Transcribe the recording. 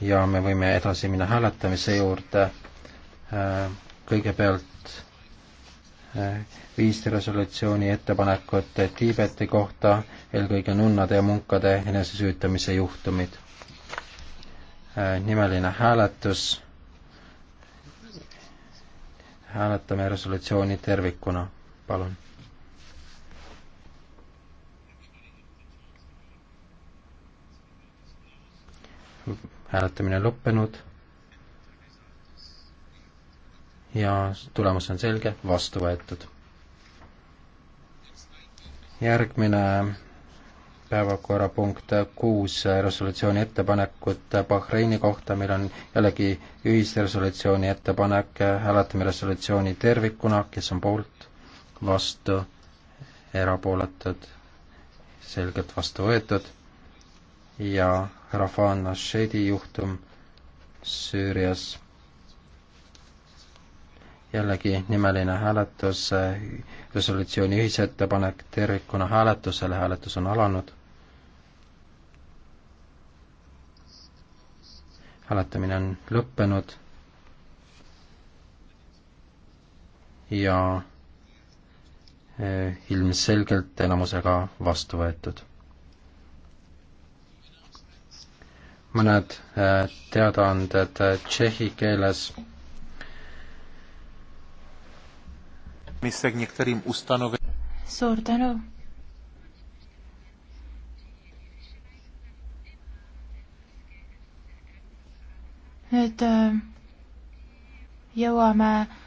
ja me võime edasi minna hääletamise juurde. Äh, kõigepealt äh, viis resolutsiooni ettepanekut Tiibeti kohta, eelkõige nunnade ja munkade enesesüütamise juhtumid. Äh, nimeline hääletus. hääletame resolutsiooni tervikuna, palun hääletamine lõppenud ja tulemus on selge, vastu võetud. järgmine päevakorrapunkt kuus resolutsiooni ettepanekut Bahreini kohta, meil on jällegi ühisresolutsiooni ettepanek, hääletame resolutsiooni tervikuna, kes on poolt, vastu, erapooletud, selgelt vastu võetud ja Rafaan Nasheedi juhtum Süürias. jällegi nimeline hääletus, resolutsiooni ühisettepanek tervikuna hääletusele, hääletus on alanud. hääletamine on lõppenud ja eh, ilmselgelt enamusega vastu võetud mõned äh, teadaanded äh, tšehhi keeles. suur tänu. nüüd äh, jõuame